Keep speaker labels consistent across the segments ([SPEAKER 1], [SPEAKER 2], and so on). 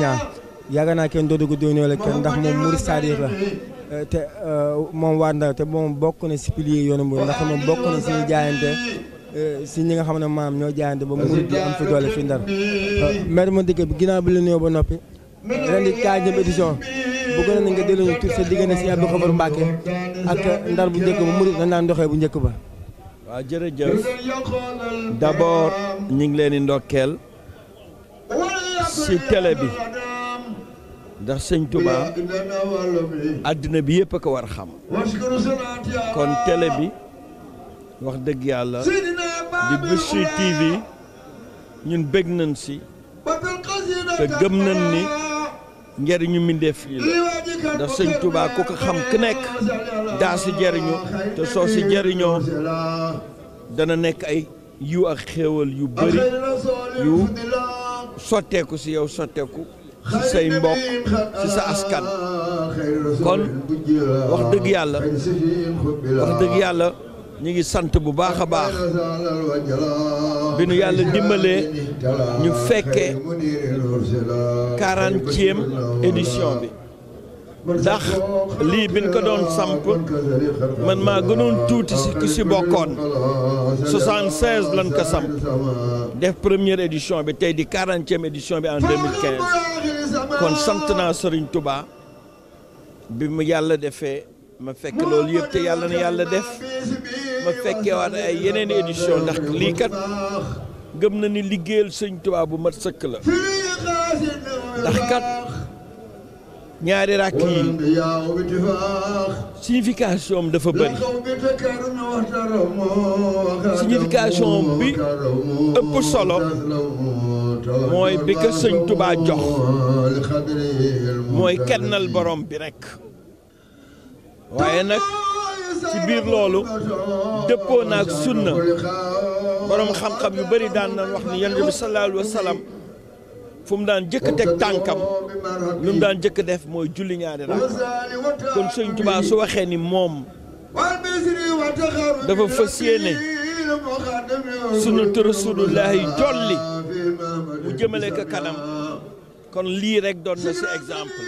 [SPEAKER 1] Niang yaakaar naa kenn dootu ko déwénoo la kenn ndax moom murid saadix euh, te euh, moom waa Ndar te moom bokk na si pilier yoonu Mouride ndax moom bokk na si ñu euh, si ñi nga xam ne maam ñoo jaayante ba murid bi am doole fi Ndar maire ma dëkk bi ginnaaw bi la ba noppi ren di quinzième édition bëggoon nañ nga delloo ñu tur sa diggante si Abdou Khabar Mbacke ak Ndar bu njëkk ba murid dañ daan doxee bu njëkk ba
[SPEAKER 2] waaw jërëjëf d'abord ñu ngi leen di ndokkeel si télé bi ndax sëñ Touba àddina bi yëpp a ko war xam kon télé bi wax dëgg yàlla
[SPEAKER 3] di Bichri TV
[SPEAKER 2] ñun bég nañ si
[SPEAKER 3] te gëm nañ ni
[SPEAKER 2] njariñu mbindeef yi la ndax sëñ Touba ku ko xam ki nekk daa ci jëriñu te soo ci jëriñoo dana nekk ay yiw ak xéewal yu bëri yu sotteeku si yow sotteeku ci say mbokk ci sa askan kon wax dëgg yàlla wax dëgg yàlla ñu ngi sant bu baax a baax bi nu yàlla dimbalee ñu fekkee quarantième édition bi ndax lii bi biñ ko doon samp man maa gënoon tuuti si ku si bokkoon 76 lañ ko samp def première édition bi tey di 40e édition bi en 2015
[SPEAKER 3] kon sant naa
[SPEAKER 2] Serigne Touba bi mu yàlla defee ma fekk loolu yëpp te yàlla na yàlla def ma fekkee waat ay yeneen édition ndax lii kat gëm na ni liggéeyal Sëñ Touba bu mat sëkk la ndax kat. ñaari rakk yi signification dafa bëri signification bi ëpp solo mooy bi ko sëñ Tuubaa jox mooy kennal borom bi rekk waaye nag ci biir loolu dëppoo naag sunna borom xam-xam yu bari daan nañ wax ni yonent bi sallallahu alayhi fu mu daan jëkk teg tànkam lu mu daan jëkk def mooy julli ñaari rakk
[SPEAKER 3] kon Sëñ Tuubaa su
[SPEAKER 2] waxee ni moom
[SPEAKER 3] dafa fas yéene sunu turu Rasulullaahi jolli
[SPEAKER 2] mu jëmale ko kanam kon lii rek doon na si exemple.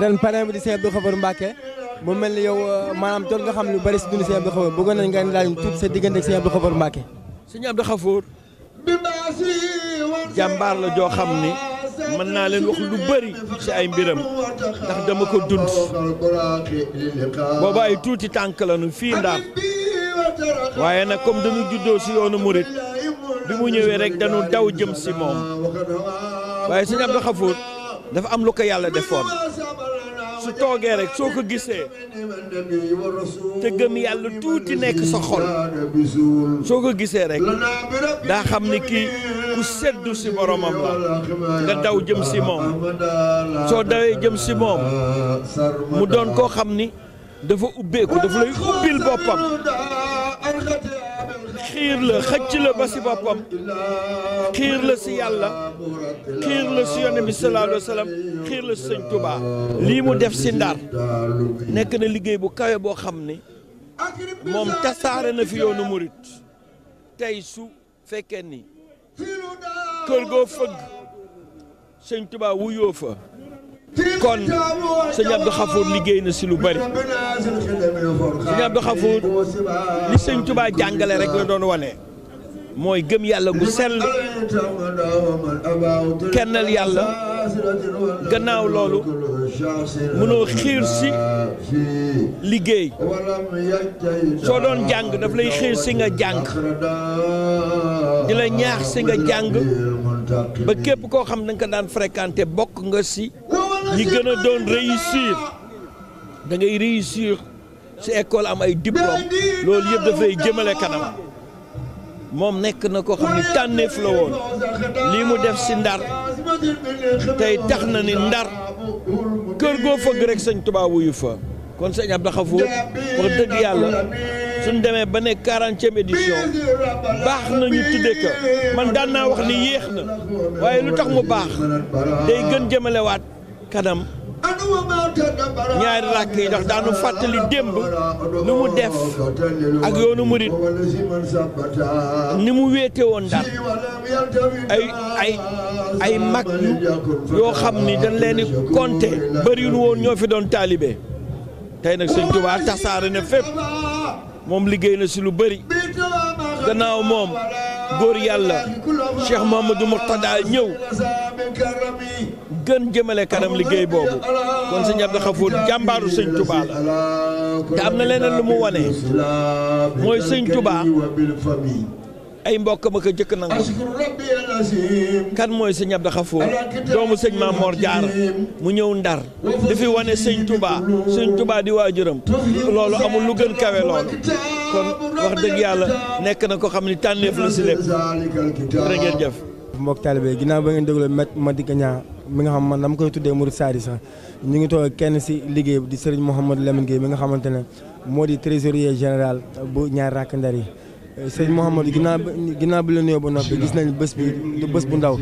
[SPEAKER 1] ren parrain bi di Sëñ Abdou Khabar Mbacke mu mel ni yow uh, maanaam doon nga xam lu bari si dund Sëñ Abdou Khabar bëggoon nañ sa diggante ak Sëñ Abdou
[SPEAKER 2] jàmbaar la joo xam ni mën naa leen wax lu bari ci ay mbiram ndax dama ko dund booba ay tuuti tànk la fii ndaam waaye na comme dañu juddoo ci yoonu murit bi mu ñëwee rek dañu daw jëm ci moom waaye sëñ Abdou Xafour dafa am lu ko yàlla defoon su toogee rek soo ko gisee te gëm yàlla tuuti nekk sa xol soo ko gisee rek daa xam ni kii ku seddu si boromam la nga daw jëm si moom soo dawee jëm si moom mu doon koo xam ni dafa ubbeeku dafa lay ubbil boppam xiir la xëcc la ba si boppam xiir la si yàlla xiir la si yonent bi sallallahu alayhi xiir la si sëñ Touba lii mu def si Ndar nekk na liggéey bu kawe boo xam ne moom tasaare na fi yoonu murit tey su fekkee ni kër goo fëgg sëñ Touba wuyoo fa kon sëñ Abdou Khafour liggéey na si lu bari sëñ Abdou Khafour li sëñ Touba jàngale rek la doon wane mooy gëm yàlla gu sell kennal yàlla gannaaw loolu mënoo xiir si liggéey soo doon jàng daf lay xiir si nga jàng di la ñaax si nga jàng ba képp koo xam da ko daan fréquenté bokk nga si ñi gën a doon réussir da ngay réussir ci école am ay diplôme loolu yëpp dafay jëmale kanam moom nekk na ko xam ni tànneef la woon lii mu def ci ndar tey tax na ni ndar kër goo fëgg rek sëñ tubaabu wuyu fa kon sëñ Abdou Khafour wax dëgg yàlla suñ demee ba ne quarantième édition
[SPEAKER 3] baax na ñu ko man daan naa wax ni yéex na
[SPEAKER 2] waaye lu tax mu baax day gën jëmalewaat kanam ñaari rakk yi ndax daanu fàttali démb nu mu def ak yoonu murit ni mu wéete woon daal ay ay ay mag yoo xam ni dañ leen di compté bëriwul woon ñoo fi doon taalibe tey nag sëñ Tuubaa tasaare na fépp moom liggéey na si lu bëri
[SPEAKER 3] gannaaw moom
[SPEAKER 2] góor yàlla Cheikh Mamadou Mourtada ñëw gën jëmale kanam liggéey boobu kon sëñ Abdou Khafour jàmbaaru sëñ tubaa la
[SPEAKER 3] te am na leneen lu mu
[SPEAKER 2] wane mooy sëñ Touba ay mbokk ma ko jëkk nangu kan mooy sëñ Abdou Khafour doomu sëñ Mamor Diarra mu ñëw ndar di fi wane sëñ Touba sëñ Touba di waajuram loolu amul lu gën kawe kon wax dëgg yàlla nekk na ko xam ni tànneef la si lépp. jërëjëf
[SPEAKER 1] mbokk taalibe ginnaaw ba ngeen dégloo ma di ñaa mi nga xam man dama koy tuddee Mouride Sadi sax ñu ngi toog kenn si liggéey bi di Serigne Mouhamadou Lamine Gueye mi nga xamante ne moo di trésorier général bu ñaar rakk ndar yi Serigne Mouhamadou ginnaaw ginnaaw bi la nuyoo ba noppi gis nañu bës bi du bés bu ndaw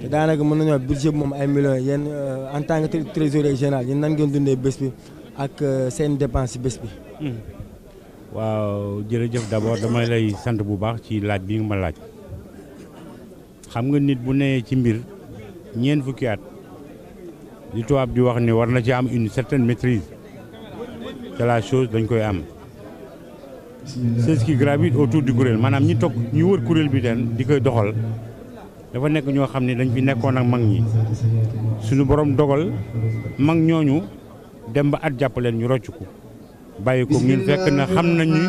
[SPEAKER 1] te daanaka mën nañoo budget bi moom ay millions yéen euh, en tant que trésorier général yéen nan ngeen dundee bés bi ak euh, seen dépense si bés bi.
[SPEAKER 4] Hmm. waaw jërëjëf d'abord damay lay sant bu baax ci laaj bi nga ma laaj xam nga nit bu nee ci mbir. ñeen fukki at li tubaab di wax ni war na ci am une certaine maîtrise de la chose dañ koy am c'est ce qui gravite autour du kuréel maanaam ñi toog ñu wër kuréel bi den di koy doxal dafa nekk ñoo xam ni dañ fi nekkoon ak mag ñi suñu borom dogal mag ñooñu dem ba at jàppaleen ñu rocc bay bàyyi ko ñun fekk na xam nañu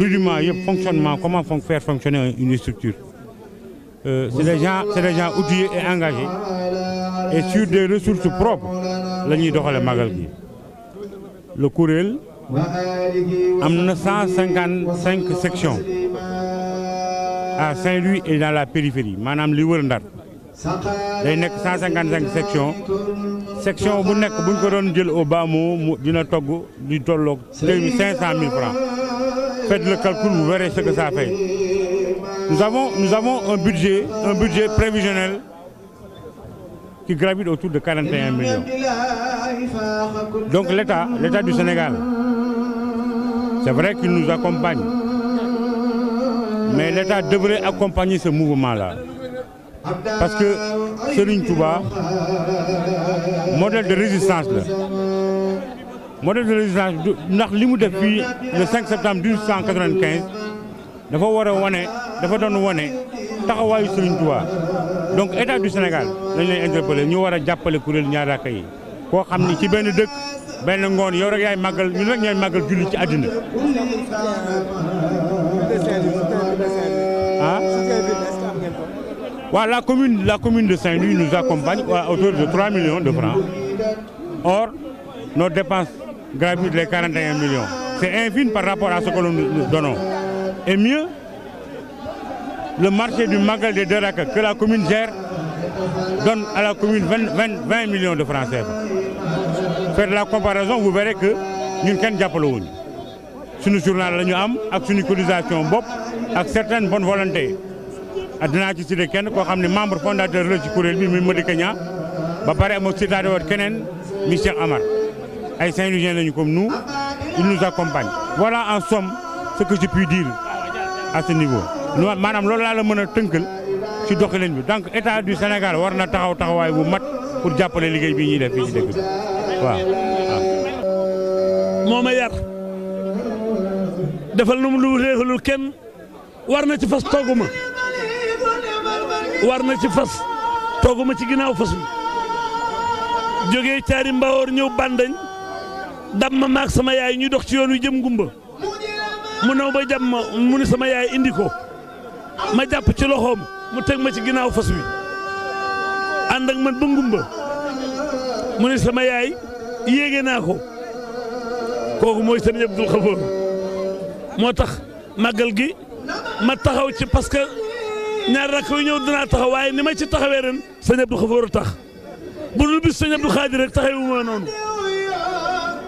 [SPEAKER 4] rudiment yëpp fonctionnement comment faire fonctionner une structure euh, c'est des gens c'est des gens outillés et engagés et sur des la ñuy doxale magal gi le kuréel
[SPEAKER 1] am na cent cinquante
[SPEAKER 4] cinq sections à Saint-Louis et dans la périphérie maanaam li wër Ndar day nekk cent cinquante cinq sections section bu nekk buñ ko doon jël au bas mot mu dina togg di tolloog cinq cent mille francs faites le calcul vous verrez Nous avons, nous avons un, budget, un budget prévisionnel qui gravite autour de 41 millions. Donc l'État, l'État du Sénégal, c'est vrai qu'il nous accompagne, mais l'État devrait accompagner ce mouvement-là. Parce que Serigne Touba,
[SPEAKER 3] modèle de résistance, la
[SPEAKER 4] modèle de résistance, nous avons depuis le 5 septembre 1895, nous avons dafa doon wane taxawaayu Serigne Touba donc état du Sénégal lañ lay interpellé ñu war a jàppale kuréel ñaari rakaa yi koo xam ni ci benn dëkk benn ngoon yow rek yaay màggal ñun rek ñooy màggal julli ci àddina ah waaw la commune la commune de Saint-Louis nous accompagne à hauteur de 3 millions de francs or nos dépenses gravitent les 41 millions c'est infime par rapport à ce que nous donnons le marché du Magal de Daraka que la commune gère donne à la commune 20, 20, 20 millions de francs CFA. la comparaison, vous verrez que ñun kenn jàppalewuñu suñu journal la ñu am ak sunu cotisation bopp ak certaines bonnes volontés ak dinaa ci cité kenn koo xam ne membre fondateur la ci kuréel bi muy Madické Niang ba pare moo citaté woon keneen mi Cheikh Amar ay Saint-Louisiens lañu comme nous ils nous accompagnent voilà en somme ce que je puis dire à niveau maanaam loolu laa la mën a tënkal ci doxalin bi donc état du Sénégal war na taxaw taxawaay bu mat pour jàppale liggéey bi ñuy def fii ci dëkk bi waaw moo ma yar defal
[SPEAKER 5] nu mu lu réexalul kenn war na ci fas tooguma war na ci fas tooguma ci ginnaaw fas bi jógee caari mbawoor ñëw bandañ dab ma maag sama yaay ñuy dox ci yoon wi jëm gumba mu naw ba jam ma mu ni sama yaay indi ko ma jàpp ci loxoom mu teg ma ci ginnaaw fas wi ànd ak man ba ngumba mu sama yaay yéege naa ko kooku mooy sëriñ Abdul Xafoor moo tax màggal gi ma taxaw ci parce que ñaar rakk yu ñëw dinaa taxaw waaye ni ma ci taxawee ren sëriñ Abdul Xafoor a tax bu dul bis sëriñ Abdul Xaadir rek taxawu ma noonu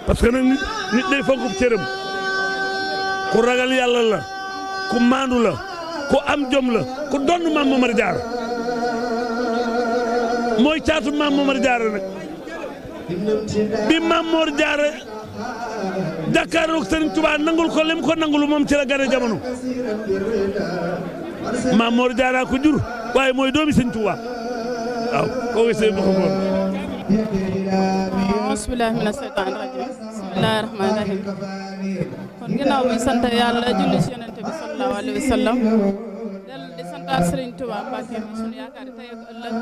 [SPEAKER 5] parce que nag nit day fonk cëram ku ragal yàlla la ku maandu la ku am jom la ko donn maam Mamari Jaara mooy caatu maam Mamari Jaara nag bi maam Mor Jaara jàkkaarloog Sëriñ Tuubaa nangul ko lim ko nangul moom ci la gane jamono maam Mor Jaara ko jur waaye mooy doomi Sëriñ Tuubaa waaw ko moom.
[SPEAKER 6] bismilaahi mina dellu di santaat Serigne Touba Mbacke mi sunu yaakaar tey ak ëllëg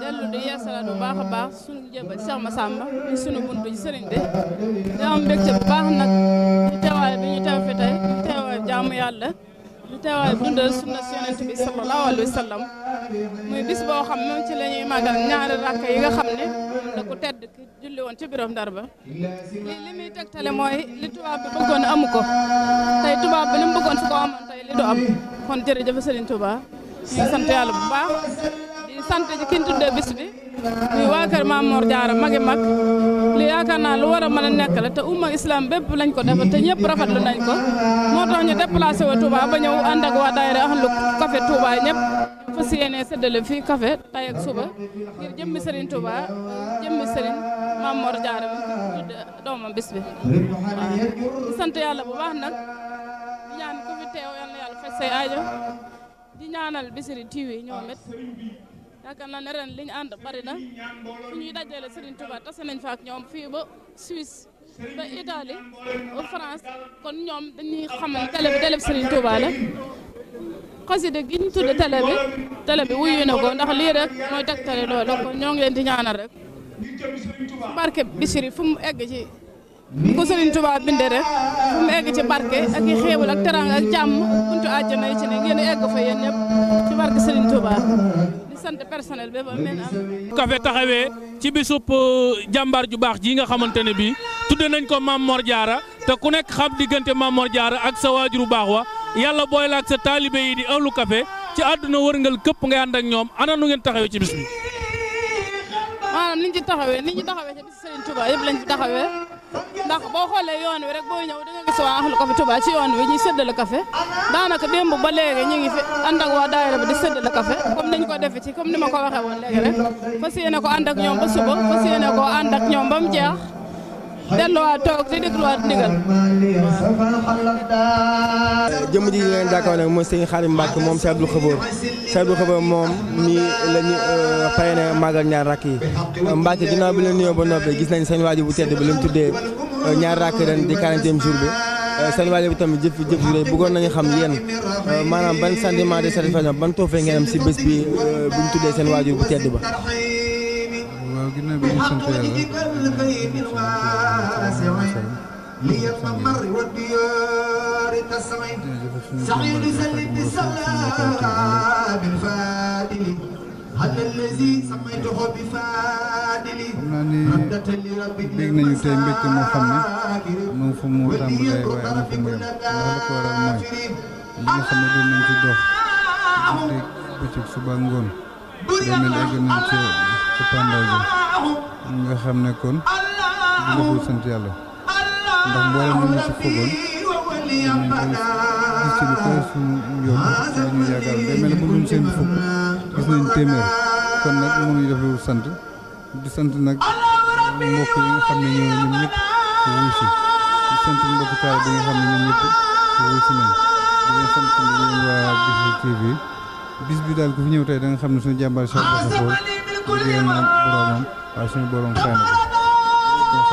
[SPEAKER 6] dellu di yeesalaat bu baax a baax sunu jëbal Cheikh Massamba mi sunu buntu ci Serigne bi di am mbégte bu baax nag ci teewaay bi ñu teew fi tey ñu teewaay jaamu yàlla ñu teewaay dundal sunna si yonent bi sallallahu alayhi wa muy bis boo xam moom ci la ñuy màggal ñaari rakk yi nga xam ne tedd ki julli woon ci birom ndar ba lii li muy tegtale mooy li tubaab bi bëggoon amu ko tey tubaab bi li mu bëggoon su ko amoon tey li du am kon jërëjëf Serigne Touba ñu ngi sant yàlla bu baax di sant ci ki ñu tuddee bi muy waa kër Maam Mor Jaara magi mag li yaakaar naa lu war a mën a nekk umma islam bépp lañ ko defal te ñëpp rafetlu nañ ko moo tax ñu déplacé wa Touba ba ñëw ànd ak waa daayira Ahlu Café Touba ñëpp fas yéene séddale fii café tay ak suba ngir jëmmi Serigne Touba jëmmi Serigne Mame Mor Diarra doomam bis bi sant yàlla bu baax nag di ñaan ku fi teew yal na yàlla faj aajo di ñaanal Bichri TV ñoom it yaakaar naa ne ren li ñu ànd bari da fu ñuy dajale Serigne Touba tase nañ fa ak ñoom fii ba Suisse ba Italie ba France kon ñoom dañuy xamal télé bi télé bi Serigne Touba la xasida gi ñu wuyu na ko ndax lii rek mooy tegtale loolu kon ñoo ngi leen di ñaanal rek barke Bichri fu mu egg ci bu ko Serigne Touba bindee rek fu mu egg ci barke ak i xéewal ak teraanga ak jàmm buntu àjjana yi ci ne ngeen egg fa yéen ñëpp ci barke Serigne Touba di sant personnel bi ba mel
[SPEAKER 7] kafe taxawee ci bisub euh,
[SPEAKER 5] jàmbaar ju baax ji nga xamante ne bii. tudde nañ ko Mame Mor Diarra te ku nekk xam diggante Mame Mor Diarra ak sa waajuru baax wa yàlla booy la ak sa taalibe yi di awlu café ci àdduna wërngal
[SPEAKER 7] këpp nga ànd ak ñoom ana nu ngeen taxawee ci bis bi.
[SPEAKER 6] maanaam ni ci taxawee ni ñu taxawee ci bis Serigne Touba yëpp lañ ci taxawee ndax boo xoolee yoon wi rek boo ñëw da nga gis waa ahlu café Touba ci yoon wi ñuy séddale café daanaka démb ba léegi ñu ngi fi ànd ak waa daayira bi di séddale café comme niñ ko defee ci comme ni ma ko waxee woon léegi ko ànd ak ñoom ba suba fas yéene ko ànd ak delluwaat toog di dégluwaat ndigal.
[SPEAKER 1] jëmm ji ngeen jàkkaarloo nag mooy sëñ Xarim Mbacke moom Cheikh Abdou Khabour Cheikh Abdou moom nii lañu ñu fay euh, na màggal ñaar rakk yi euh, Mbacke ginnaaw bi la nuyoo ba noppi gis nañ seen waajur bu tedd bi li mu tuddee euh, ñaar rakk ren di quarantième jour bi. seen waajur bi tamit jëf jëf ju rëy bëggoon nañu xam yéen maanaam ban sentiment de satisfaction ban toofee ngeen am si bés bi bu ñu tuddee seen waajur bu tedd ba. ليوم المر والديار تسعد سعيد سلم بالسلام الفادل هذا الذي سميته بفادل
[SPEAKER 4] ردة لرب المساكر وليكن طرف كل كافر أنا demel egg nañ ci ci pàndaw bi nga xam ne kon dina ko sant yàlla ndax mboolem lu ñu ci foogoon gis ci lu koy suñu yoon suñu yaakaar day mel ne bu ñu seen fukk gis nañ téeméer kon nag mënuñu def lu sant di sant nag mbokk yi xam ne ñoo ñoom ñëpp wuy si di sant mbokk taal bi nga xam ne ñoom ñëpp wuy si nañ di leen sant yéen waa Bichri TV bis bi daal ku fi ñëw tey da xam ne suñu jàmbaar Cheikh Bassa Fall liggéeyam na boromam waaye suñu borom fay ko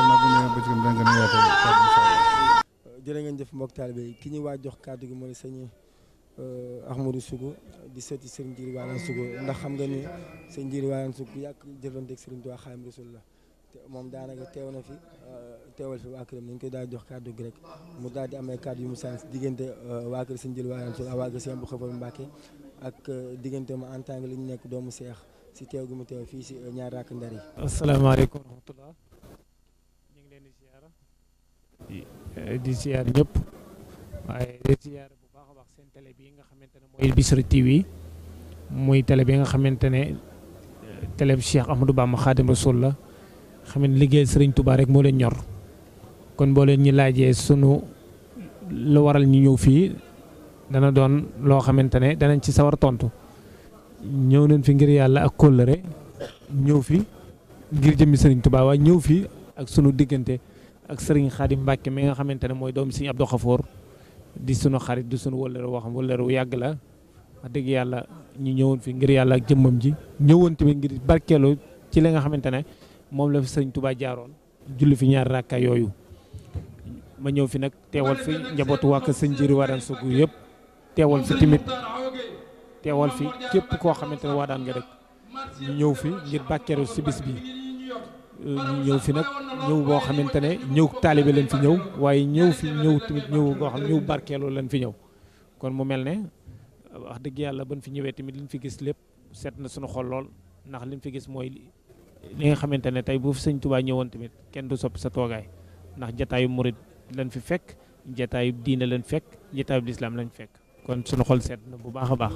[SPEAKER 4] xam naa bu ñu ñëwee bëccëg dinañ gën a
[SPEAKER 1] yaatu kàddu waa jox kàddu gi mooy sëñ euh, Ahmadou Sougou di seeti sëñ Ndiir Walan Sougou ndax xam nga ni sëñ Ndiir Walan Sougou ku yàgg jëflanteeg sëriñ Tuubaa Xaadimu moom daanaka teew na fi euh, teewal fi waa këram nañ koy daal jox kàddu gi rek mu daal di amee kàddu yu mu sànni diggante euh, waa kër sëñ Ndiir Walan Sougou ak waa kër sëñ bu Xëfar Mbàkke ak diggante ma en tant que li ñu nekk doomu seex si teew gi mu teew fii si ñaar rakk ndar yi.
[SPEAKER 7] Eh, di ziar ñëpp waaye di ziar bu baax a baax seen tele bi nga xamante ne mooy Bichri TV muy télé bi nga xamante ne eh, télé bi Cheikh Ahmadou Bamba la xam liggéey Sëriñ Touba rek moo leen ñor kon boo leen ñu laajee sunu lu waral ñu ñëw fii dana doon loo xamante ne danañ ci sawar tontu ñëw nañ fi ngir yàlla ak kóllëre ñëw fi ngir jëmmi Sëriñ Touba waaye ñëw fi ak sunu diggante ak Serigne Khadim Mbacke mi nga xamante ne mooy doom Serigne Abdou Khafour di sunu xarit di sunu wëllëre woo xam wëllëre yàgg la wax dëgg yàlla ñu ñëwoon fi ngir yàlla ak jëmmam ji ñëwoon tamit ngir barkeelu ci li nga xamante ne moom la fi Serigne Touba jaaroon julli fi ñaar rakka yooyu ma ñëw fi nag teewal fi njabootu waa kër sëñ Jiri Wadane Sougou yëpp teewal fi timit teewal fi képp koo xamante ne waa daan nga dëkk ñu ñëw fi ngir bàkkeeru si bis bi ñu ñëw fi nag ñëw boo xamante ne ñëw taalibe leen fi ñëw waaye ñëw fi ñëw tamit ñëw boo xam ñëw barkeeloo leen fi ñëw kon mu mel ne wax dëgg yàlla ban fi ñëwee tamit liñ fi gis lépp seet na suñu xol lool ndax liñ fi gis mooy li nga xamante ne tey bu fi ñëwoon tamit kenn du sopp sa toogaay ndax jataayu murit lañ fi fekk jataayu diine leen fekk jataayu lislaam lañ fekk kon suñu xol seet na bu baax a baax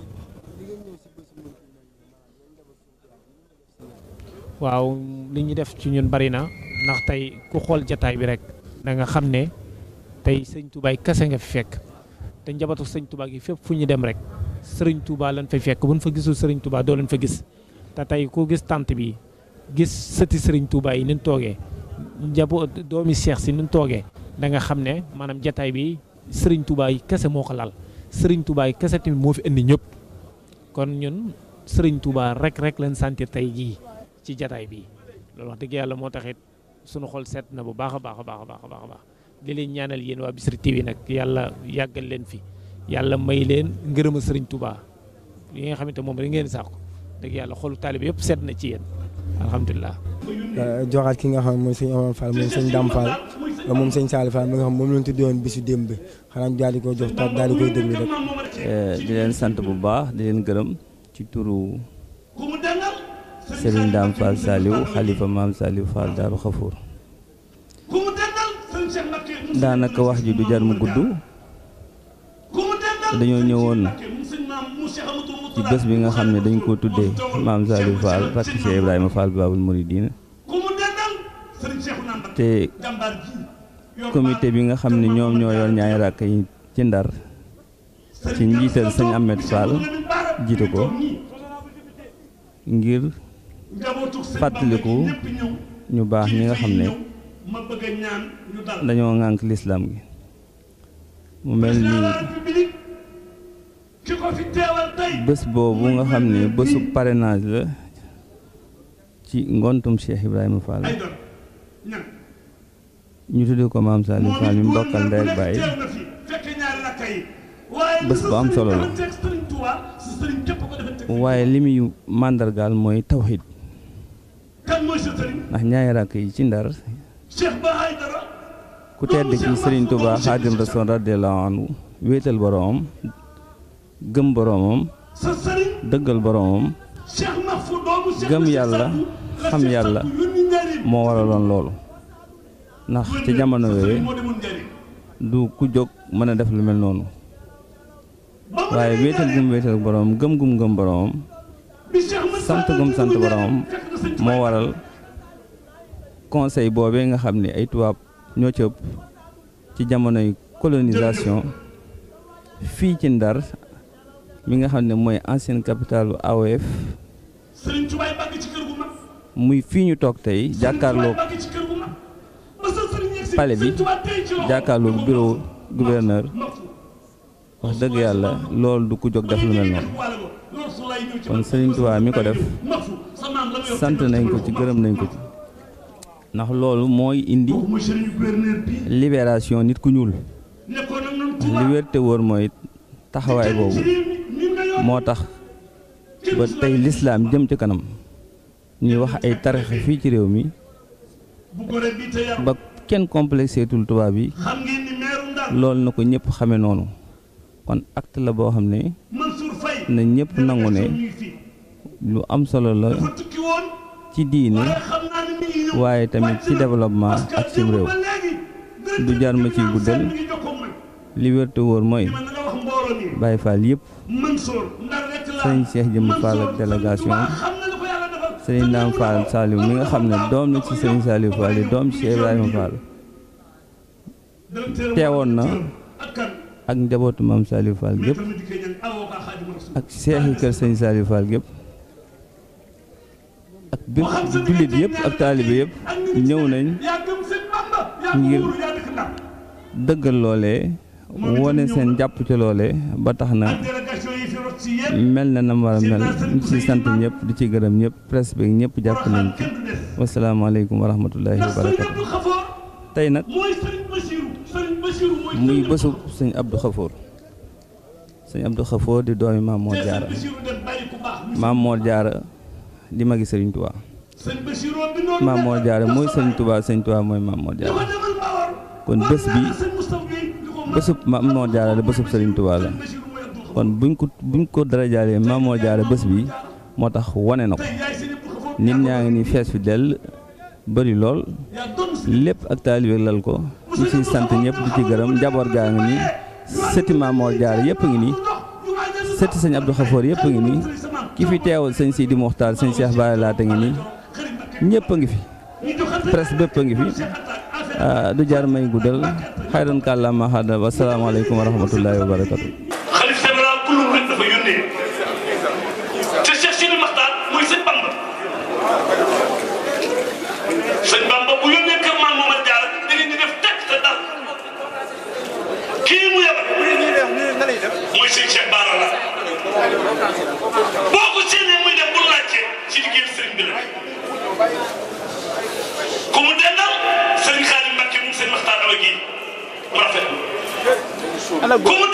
[SPEAKER 7] waaw li ñu def ci ñun bari na ndax tey ku xool jataay bi rek da nga xam ne tey sëñ Touba kese nga fi fekk te njabootu sëñ Touba gi fépp fu ñu dem rek sëriñ Touba lañ fay fekk buñ fa gisul sëriñ Touba doo fa gis te tey ku gis tant bi gis sëti sëriñ Touba yi ni mu toogee njaboot doomi Cheikh si ni mu toogee da nga xam ne maanaam jataay bi sëriñ Touba yi kese moo ko lal sëriñ Touba yi kese tamit moo fi indi ñëpp kon ñun sëriñ Touba rek rek lañ sentir tey jii. ci jataay bi loolu wax dëgg yàlla moo taxit sunu xol seet na bu baax a baax a baax a baax a baax di leen ñaanal yéen waa Bichri TV nag yàlla yàggal leen fi yàlla may leen ngërëma sëriñ tubaa yi nga xamante moom rek ngeen sàkku dëgg yàlla xolu taalibe yëpp seet na ci yéen alhamdulilah.
[SPEAKER 1] Euh, joxaat ki nga xam moom sëñ Omar Fall euh, moom sëñ moom sëñ Saliou Fall mi nga xam moom la ñu woon bisu démb bi xanaa daal di ko jox taat daal di koy déglu rek.
[SPEAKER 8] Euh, di leen sant bu baax di leen gërëm ci turu.
[SPEAKER 5] Serigne Dame Fall Saliou
[SPEAKER 8] xalifa maam Saliou Fall Daaru Xafoor
[SPEAKER 5] daanaka wax ji du jar mu gudd dañoo ñëwoon ci bés bi nga xam ne dañ
[SPEAKER 8] koo tuddee maam Saliou Fall rakk Cheikh Ibrahima Fall Baabul Muridiina te comité bi nga xam ne ñoom ñoo yor ñaari rakk ci Ndar ci njiital sëñ Ahmed Fall jiite ko ngir fàttaliku ñu baax ñi nga xam ne dañoo ŋànk lislaam gi mu mel ni bés boobu nga xam ne bësu parrainage la ci ngontum Cheikh Ibrahima Fall ñu tuddee ko maam Saliou Fall mi bokkal ndey ak baay
[SPEAKER 5] bu am solo la waaye
[SPEAKER 8] li muy màndargaal mooy tawxiid kan mooy ndax ñaari rakk yi ci ndar
[SPEAKER 5] ku tedd ci Sëriñ Tuubaa
[SPEAKER 8] Xaadim Rasuul radiyallaahu anhu wéetal boroomam gëm boroomam dëggal boroomam
[SPEAKER 5] gëm yàlla xam yàlla moo
[SPEAKER 8] waraloon loolu ndax ci jamono yooyu du ku jóg mën a def lu mel noonu waaye wéetal gum wéetal boroomam gëm gëm boroomam sant gum sant boroomam moo waral conseil boobee nga xam ne ay tubaab ñoo ci ëpp ci jamonoy colonisation fii ci Ndar mi nga xam ne mooy ancienne capitale AOF muy fii ñu toog tey jàkkaarlook
[SPEAKER 5] palais bi jàkkaarloog bureau gouverneur
[SPEAKER 8] wax dëgg yàlla loolu du ko jóg def lu mel noonu
[SPEAKER 5] kon Serigne mi ko def sant nañ ko ci
[SPEAKER 8] gërëm nañ ko ci ndax loolu mooy indi libération nit ku ñuul li wér mooy taxawaay boobu moo tax ba tey lislaam jëm ci kanam ñuy wax ay tarixa fii ci réew mi ba kenn complexeetul tubaab yi loolu na ko ñëpp xame noonu kon acte la boo xam ne na ñëpp nangu ne lu am solo la ci diine waaye tamit ci développement ak cim réew
[SPEAKER 5] du jar ma ci guddal
[SPEAKER 8] li wér mooy Baye Fall yëpp sëriñ Cheikh Jëmb Fall ak délégation sëriñ Ndam Fall Saliou mi nga xam ne doom na ci sëriñ Saliou Fall yi doom ci Ibrahima Fall teewoon na ak njabootu maam Saliou Fall gépp
[SPEAKER 5] ak seexi kër sëriñ
[SPEAKER 8] Saliou Fall gépp ak bépp jullit yëpp ak taalibe yëpp ñëw nañ ngir dëggal loolee wone seen jàpp ci loolee ba tax na mel na nam mel ñu ci sant ñëpp di ci gërëm ñëpp presse bi ñëpp jàpp nañ ci wasalaamaaleykum wa rahmatullahi wa tey nag
[SPEAKER 5] muy bésu sëñ Abdou
[SPEAKER 8] Khafour sëñ Abdou Khafour di doomi Maam Jaara Maam Jaara di magi Serigne Touba.
[SPEAKER 5] Maam Mor Diarra mooy Serigne
[SPEAKER 8] Touba Serigne Touba mooy Maam Mor Diarra kon bés bi bésub Maam Mor Diarra la kon buñ ko buñ ko dara jaaree Maam Mor Diarra bés bi moo tax wone na ko nit ñaa ngi ni fees fi dell bari lool lépp ak taalibe lal ko ñu ciy sant ñëpp di ci gërëm njaboot gaa ngi ni sëti Maam Mor Diarra yëpp ngi ni sëti sëñ Abdou Khafour yëpp ngi ni ki fi teewal sëñ Sidi Mokhtar sëñ Cheikh Bara Lahat a ngi nii ñëpp a ngi fi presse bépp a ngi fi ah, du jaar may guddal xayran kàllaama xadda wa salaamaaleykum wa rahmatullahi wa barakatu
[SPEAKER 5] xalif général ku lu yónnee nag.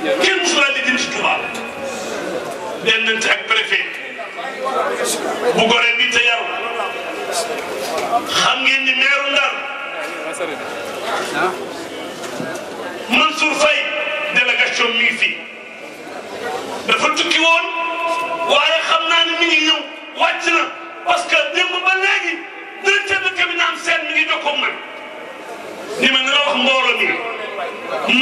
[SPEAKER 6] kenn musu laa lijjanti ci Touba
[SPEAKER 5] dem nañ ci ak préfet bu gore bi te yaru xam ngeen ni meeru Ndar Mansour Faye délégation mi ngi fi dafa tukki woon waaye xam naa ne mi ngi ñëw wàcc na parce que démb ba léegi directeur de cabinet am seen mi ngi jokkoo man ni ma nga wax mbooloo mi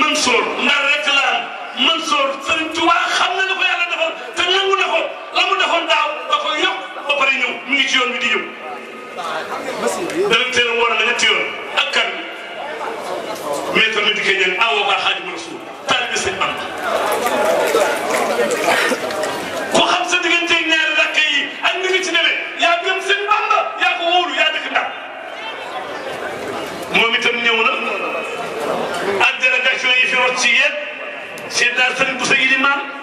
[SPEAKER 7] Mansour Ndar
[SPEAKER 5] rek laa Mansour Serigne Touba xam na ne ko yàlla defal te nangu na ko la mu defoon daaw da koy yokk ba pare ñëw mi ngi ci yoon bi di ñëw. directeur woo na ma ñetti yoon ak kan maître mi dikkee ñaan awoo ko Xaadimu Rasuul taalibe Sëñ Bamba ku xam sa diggante ñaari rakk yi ak ni nga ci demee yaa gëm Sëñ Bamba yaa ko wóolu yaa dëkk ndax moom itam ñëw na ak délégation yi fi rot ci yéen. seet naa sëriñ bu sa yilimaan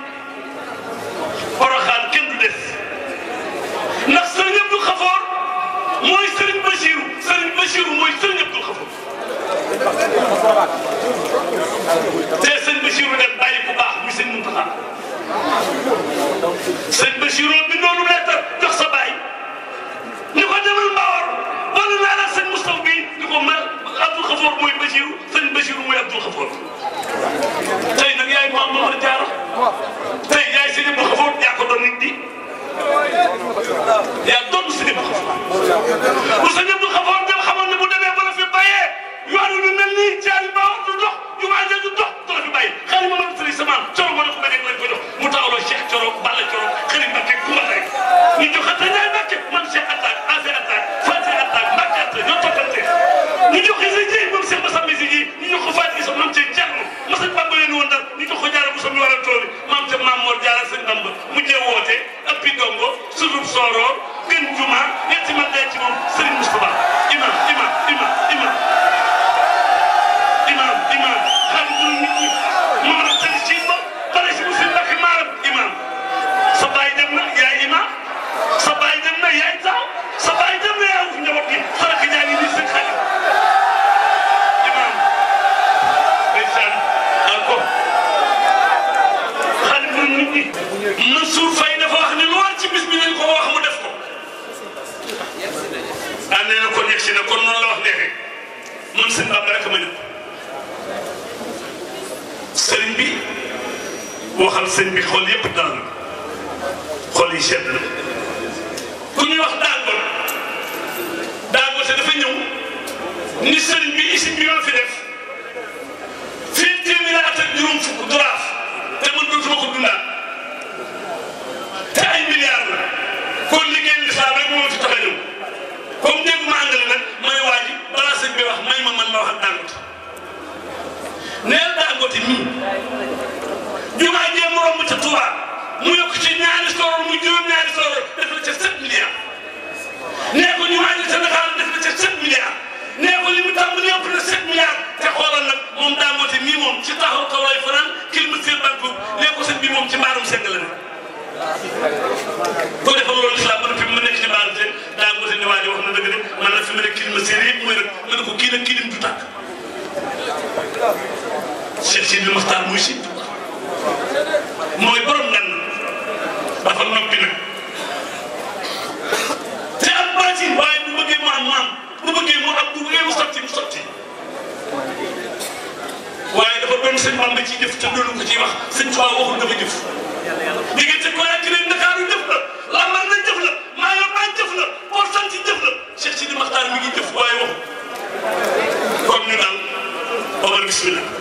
[SPEAKER 5] wax may ma man ma wax ak Dangote neel Dangote mii jumaa jee mu romb ca Touba mu yokk ci ñaari soroor mu juróom ñaari soroor def na ca 7 milliards nee ko jumaa ji ca Ndakaaru def na ca 7 milliards nee ko li mu tàmbali yëpp na 7 milliards te xoolal nag moom Dangote mii moom ci taxaw kaw lay fanaan kilomètre banque nee ko sëñ bi moom ci mbaarum seng la ne ku defal loolu islam ba fi mu nekk ci baal seen daa ngute ni waa ji wax na dëgg de man na fi mu nekk kilima seen yëpp mooy rek nga ne ko kii nag kii lim du tàkk Cheikh Sidi Mokhtar muy si mooy borom nan dafa noppi nag te am baatin waaye bu bëggee mu am mu am bu bëggee mu am bu bëggee mu sotti mu sotti waaye dafa doon sëñ Bamba ciy jëf te doonu ko ciy wax sëñ Tuubaa waxul dafa jëf diggante Ngor ak Kirène Ndakaaru jëf la Lamar na jëf la Maayom naa jëf la Port Santi jëf la Cheikh Sidi Makhtar mi ngi jëf waaye wax kon ñu daal
[SPEAKER 3] Omar bismillah